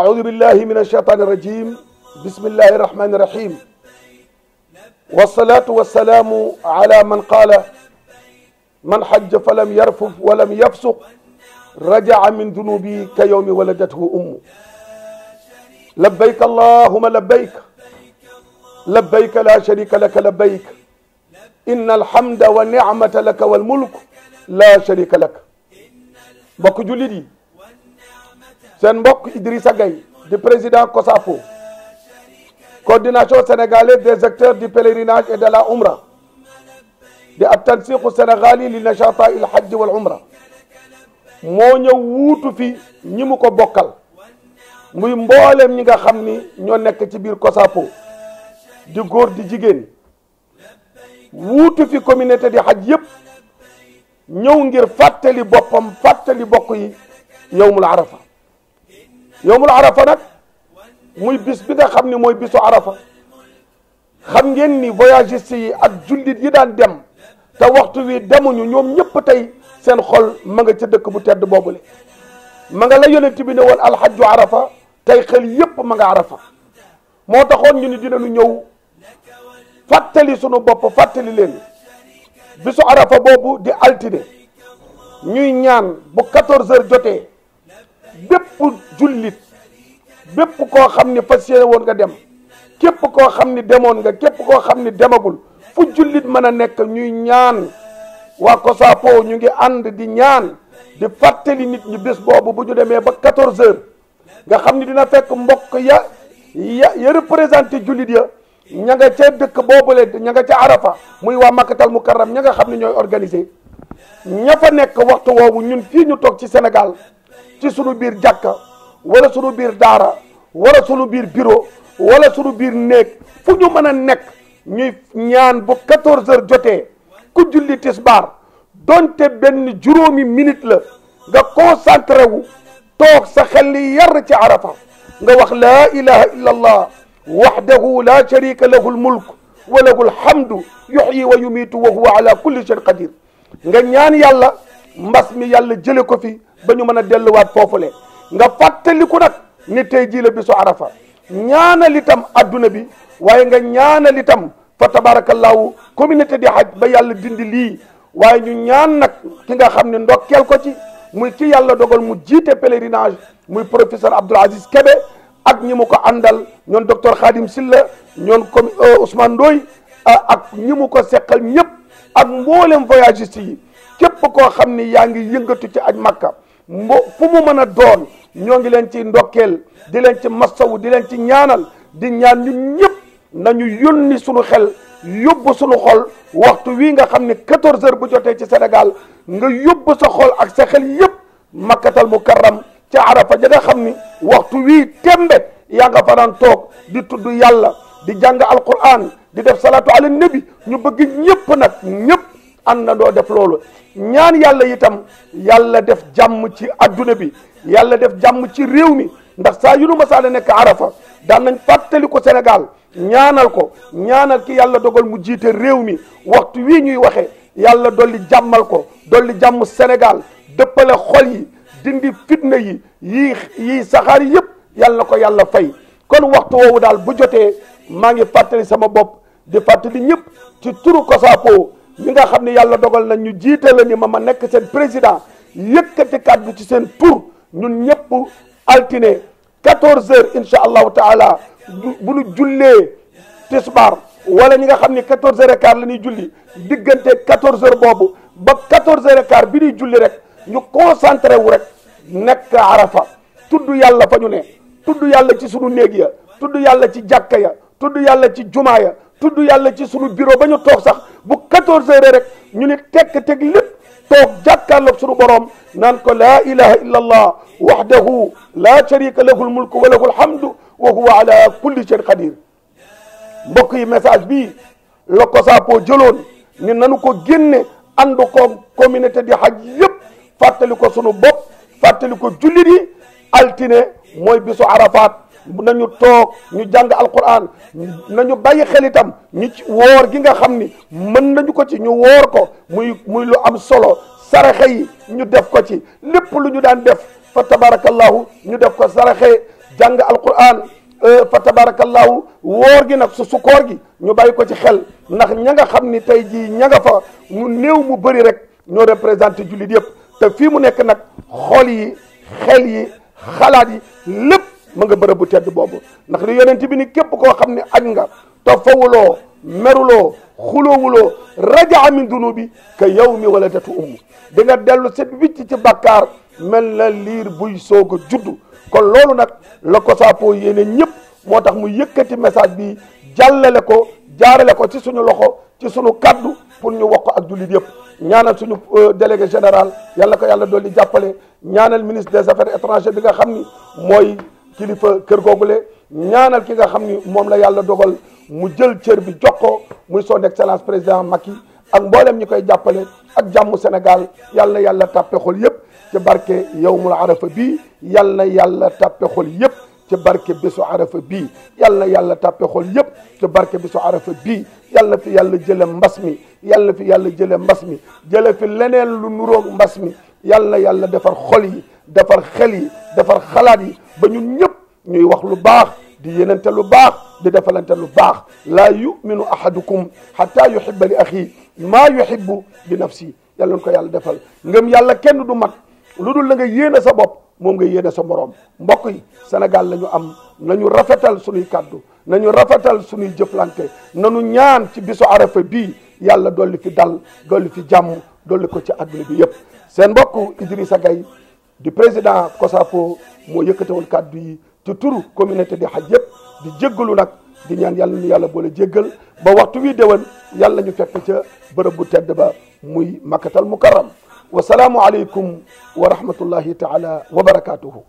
أعوذ بالله من الشيطان الرجيم بسم الله الرحمن الرحيم والصلاة والسلام على من قال من حج فلم يرفف ولم يفسق رجع من ذنوبه كيوم ولدته أمه لبيك اللهم لبيك لبيك لا شريك لك لبيك إن الحمد والنعمة لك والملك لا شريك لك mbokk jullit yi seen mbokk Idrissa Gueye di président COSAFO coordination sénégalaise des acteurs du pèlerinage et de la Umra di ab tansiqu sénégali li nachata il hajj wal umra moo ñëw wuutu fi ñi mu ko bokkal muy mbooleem ñi nga xam ni ñoo nekk ci biir COSAFO di góor di jigéen wuutu fi communauté di xaj yëpp ñëw ngir fàttali boppam fàttali bokk yi yowmul arafa yowmul arafa nag muy bis bi nga xam ne mooy bisu arafa xam ngeen ni voyagiste yi ak jullit yi daan dem te waxtu wi demuñu ñoom ñëpp tey seen xol ma nga ca dëkk bu tedd boobule ma nga la yonent bi ne woon alxajju arafa tey xel yépp ma nga arafa moo taxoon ñu ni lu ñëw fàttali sunu bopp fàttali leen bisu arafa boobu di altine ñuy ñaan bu 14 heures jotee bépp jullit bépp koo xam ni fas yéene woon nga dem képp koo xam ni demoon nga képp koo xam ni demagul fu jullit mën a nekk ñuy ñaan waa sapo ñu ngi ànd di ñaan di fàttali nit ñu bés boobu ba ñu demee ba 14 heures nga xam ni dina fekk mbokk ya ya ya représenté jullit ya ña nga ca dëkk boobule ña nga ca Arafa muy waa Makkatal Mukarram ña nga xam ne ñooy organisé ña fa nekk waxtu woowu ñun fii ñu toog ci Sénégal. ci sunu biir jàkka wala sunu biir daara wala sunu biir bureau wala sunu biir néeg fu ñu mën a nekk ñuy ñaan bu 14 heures jotee ku julli tisbaar donte benn juróomi minute la nga concentré wu toog sa xel li yar ci arafa nga wax laa ilaha illa allah waxdahu la sharika lahu almulk wa lahu alhamdu yuxyi wa yumiitu wa huwa ala kulli shayin qadir nga ñaan yàlla mbas mi yàlla jële ko fi ba ñu mën a delluwaat foofule nga fàttaliku nag ni tey jii la bisu arafa ñaanal itam adduna bi waaye nga ñaanal itam fa tabarakallahu communauté di haj ba yàlla dindi lii waaye ñu ñaan nag ki nga xam ne ndokkeel ko ci muy ki yàlla dogal mu jiite pèlerinage muy professeur Abdoul Aziz ak ñi mu ko àndal ñoon docteur Khadim Silla ñoon comme euh, Ousmane Ndoye ak ñi mu ko seqal ñëpp ak mboolem voyagiste yi képp koo xam ni yaa ngi yëngatu ci aj makka mbo fu mu mën a doon ñoo ngi leen ci ndokkeel di leen ci masawu di leen ci ñaanal di ñaan ñun ñëpp nañu yónni suñu xel yóbbu sunu xol waxtu wii nga xam ne 14 heures bu jotee ci Sénégal nga yóbbu sa xol ak sa xel yëpp makkatal mukarram ci arafa ja nga xam ni waxtu wi tembe yaa nga fanaan toog di tudd yàlla di jàng alquran di def salaatu ala nabi ñu bëgg ñëpp nag ñëpp ànd na doo def loolu ñaan yàlla itam yàlla def jàmm ci adduna bi yàlla def jàmm ci réew mi ndax saa yu nu masaana nekk arafa daan nañ fàttali ko Sénégal ñaanal ko ñaanal ki yàlla dogal mu jiite réew mi waxtu wii ñuy waxee yàlla dolli jàmmal ko dolli jàmm Sénégal dëppale xol yi dindi fitna yi yii yii saxaar yëpp yàlla na ko yàlla fay kon waxtu woowu daal bu jotee maa ngi fàttali sama bopp di fàttali ñëpp ci turu COSAPO ñi nga xam ni yàlla dogal na ñu jiite la ni ma ma nekk seen président yëkkati kàddu ci seen pour ñun ñëpp altine 14 heures incha allahu taala bu nu jullee tisbaar wala ñi nga xam ni 14 heures et la ñuy julli diggante 14 heures boobu ba 14 heures et quart bi ñuy julli rek ñu concentré wu rek nekk arafa tudd yàlla fa ñu ne tudd yàlla ci sunu néeg ya tudd yàlla ci jàkka ya tudd yàlla ci jumaa ya tudd yàlla ci sunu bureau ba ñu toog sax quatorze heures rek ñu ni tekk teg lépp toog jàkkaarloog suñu borom naan ko la ilaha illa allah wahdahu laa sharika lahu almulku wa lahu alhamdu wa huwa ala kulli shay'in qadir mbokk yi message bii la COSAPO jëloon ni nanu ko génne ànd ko communauté di xaj yëpp fàttali ko sunu bopp fàttali ko jullit yi altine mooy bisu Arafat nañu toog ñu jàng al alquran nañu bàyyi xel itam ñu ci woor gi nga xam ni mën nañu ko ci ñu woor ko muy muy lu am solo saraxe yi ñu def ko ci lépp lu ñu daan def fa tabarakallahu ñu def ko saraxe jàng alquran euh, fa tabarakallahu woor gi nag su su koor gi ñu bàyyi ko ci xel ndax ña nga xam ni tey jii ña nga fa mu néew mu bëri rek ñoo représenté jullit yëpp te fii mu nekk nag xol yi xel yi xalaat yi lépp ma nga bërëb bu tedd boobu ndax li yonent bi ni képp koo xam ne aj nga tofawuloo meruloo xuloowuloo rajaa min dunubi ka yow mi wala datu umm di nga dellu set wicc ci bàkkaar mel na liir buy soog a juddu kon loolu nag la ko saapoo yéene ñëpp moo tax mu yëkkati message bi jàllale ko jaarale ko ci suñu loxo ci suñu kaddu pour ñu wax ko ak jullit yëpp ñaanal suñu euh, délégué général yàlla ko yàlla dolli jàppale ñaanal ministre des affaires étrangères bi nga xam ni mooy kilifa kër googule ñaanal ki nga xam ni moom la yàlla dogal mu jël cër bi jox ko muy son excellence président Macky ak mboolem ñi koy jàppale ak jàmmu Sénégal yàlla na yàlla tàppe xol yëpp ci barke yowmul arafa bii yàlla na yàlla tàppe xol yëpp ci barke bésu arafa bii yàlla na yàlla tàppe xol yëpp ci barke bésu arafa bii yàlla na fi yàlla jële mbas mi yàlla fi yàlla jële mbas mi jële fi leneen lu nuroog mbas mi yàlla na yàlla defar xol yi defar xel yi defar xalaat yi ba ñun ñëpp ñuy wax lu baax di yéenante lu baax di defalante lu baax laa yuminu ahadukum xata yuhiba li axi maa yuhibu li nafsi yàlla ko yàlla defal ngëm yàlla kenn du mat lu dul la nga yéene sa bopp moom nga yéene sa moroom mbokk yi Sénégal la ñu am nañu rafetal suñuy kàddu nañu rafetal suñuy jëflante nañu ñaan ci bisu arafa bii yàlla dolli fi dal dolli fi jàmm dolli ko ci àdduna bi yëpp seen mbokku mbokk sa Gay di président COSAPO moo yëkkatewoon kàddu yi ci turu communauté di xaj yëpp di jéggalu nag di ñaan yàlla ñu yàlla boole jéggal ba waxtu wi déwén yàlla ñu fekk ca bërëb bu tedd ba muy makkatal mukarram wasalaamu aleykum wa rahmatullahi taala wa barakaatuhu